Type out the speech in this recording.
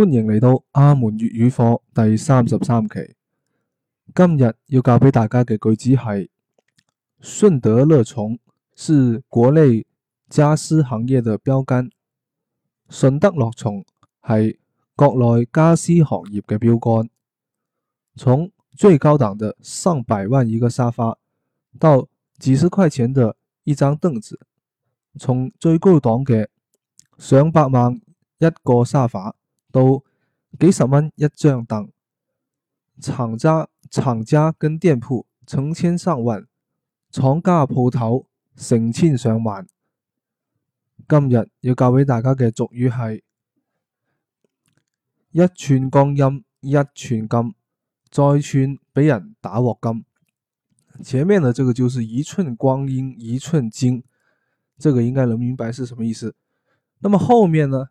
歡迎嚟到阿門粵語課第三十三期。今日要教俾大家嘅句子係：順德樂從是國內家私行業的標杆。順德樂從係國內家私行業嘅標杆。從最高檔的上百萬一個沙發，到幾十塊錢的一張凳子；從最高檔嘅上百萬一個沙發。到幾十蚊一張凳，廠家廠家跟店鋪，成千上萬，廠家鋪頭，成千上萬。今日要教俾大家嘅俗語係一寸光陰一寸金，再串俾人打鑊金。前面的這個就是一寸光陰一寸金，這個應該能明白是什麼意思。那麼後面呢？